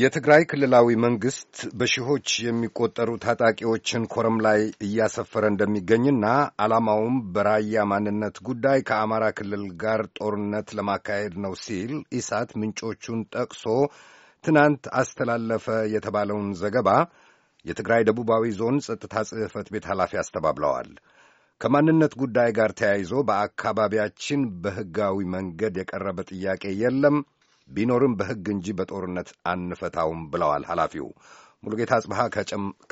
የትግራይ ክልላዊ መንግሥት በሺዎች የሚቆጠሩ ታጣቂዎችን ኮረም ላይ እያሰፈረ እንደሚገኝና ዓላማውም በራያ ማንነት ጉዳይ ከአማራ ክልል ጋር ጦርነት ለማካሄድ ነው ሲል ኢሳት ምንጮቹን ጠቅሶ ትናንት አስተላለፈ የተባለውን ዘገባ የትግራይ ደቡባዊ ዞን ጸጥታ ጽሕፈት ቤት ኃላፊ አስተባብለዋል። ከማንነት ጉዳይ ጋር ተያይዞ በአካባቢያችን በሕጋዊ መንገድ የቀረበ ጥያቄ የለም ቢኖርም በሕግ እንጂ በጦርነት አንፈታውም ብለዋል ኃላፊው። ሙሉጌታ አጽብሃ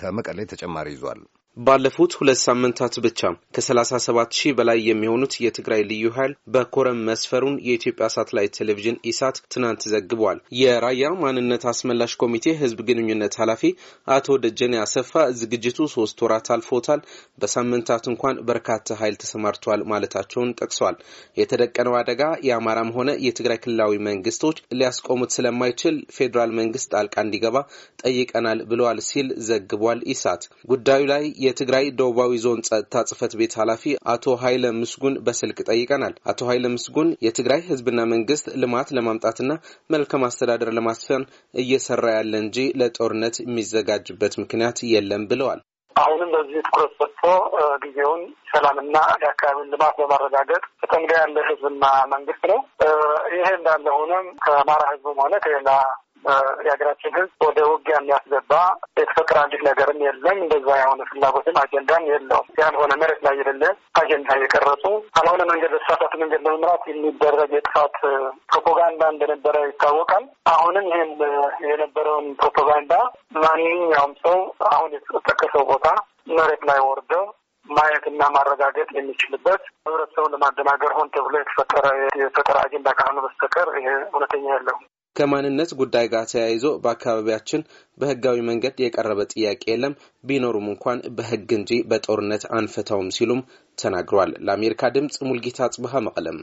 ከመቀሌ ተጨማሪ ይዟል። ባለፉት ሁለት ሳምንታት ብቻ ከ37 ሺህ በላይ የሚሆኑት የትግራይ ልዩ ኃይል በኮረም መስፈሩን የኢትዮጵያ ሳትላይት ቴሌቪዥን ኢሳት ትናንት ዘግቧል። የራያ ማንነት አስመላሽ ኮሚቴ ህዝብ ግንኙነት ኃላፊ አቶ ደጀን አሰፋ ዝግጅቱ ሶስት ወራት አልፎታል፣ በሳምንታት እንኳን በርካታ ኃይል ተሰማርቷል ማለታቸውን ጠቅሷል። የተደቀነው አደጋ የአማራም ሆነ የትግራይ ክልላዊ መንግስቶች ሊያስቆሙት ስለማይችል ፌዴራል መንግስት ጣልቃ እንዲገባ ጠይቀናል ብለዋል ሲል ዘግቧል። ኢሳት ጉዳዩ ላይ የትግራይ ደቡባዊ ዞን ጸጥታ ጽህፈት ቤት ኃላፊ አቶ ኃይለ ምስጉን በስልክ ጠይቀናል። አቶ ኃይለ ምስጉን የትግራይ ህዝብና መንግስት ልማት ለማምጣትና መልካም አስተዳደር ለማስፈን እየሰራ ያለ እንጂ ለጦርነት የሚዘጋጅበት ምክንያት የለም ብለዋል። አሁንም በዚህ ትኩረት ሰጥቶ ጊዜውን ሰላምና የአካባቢን ልማት በማረጋገጥ ተጠምዶ ያለ ህዝብና መንግስት ነው። ይሄ እንዳለ ሆነም ከአማራ ህዝብም ሆነ ከሌላ የሀገራችን ህዝብ ወደ ውጊያ የሚያስገባ የተፈጠረ አንዲት ነገርም የለም። እንደዛ የሆነ ፍላጎትም አጀንዳም የለውም። ያልሆነ መሬት ላይ የሌለ አጀንዳ የቀረጹ ካልሆነ መንገድ በተሳሳተ መንገድ ለመምራት የሚደረግ የጥፋት ፕሮፓጋንዳ እንደነበረ ይታወቃል። አሁንም ይህም የነበረውን ፕሮፓጋንዳ ማንኛውም ሰው አሁን የተጠቀሰው ቦታ መሬት ላይ ወርደው ማየትና ማረጋገጥ የሚችልበት ህብረተሰቡን ለማደናገር ሆን ተብሎ የተፈጠረ የተፈጠረ አጀንዳ ካልሆነ በስተቀር ይሄ እውነተኛ ያለው ከማንነት ጉዳይ ጋር ተያይዞ በአካባቢያችን በህጋዊ መንገድ የቀረበ ጥያቄ የለም፣ ቢኖሩም እንኳን በህግ እንጂ በጦርነት አንፈታውም ሲሉም ተናግሯል። ለአሜሪካ ድምፅ ሙልጌታ ጽብሃ መቀለም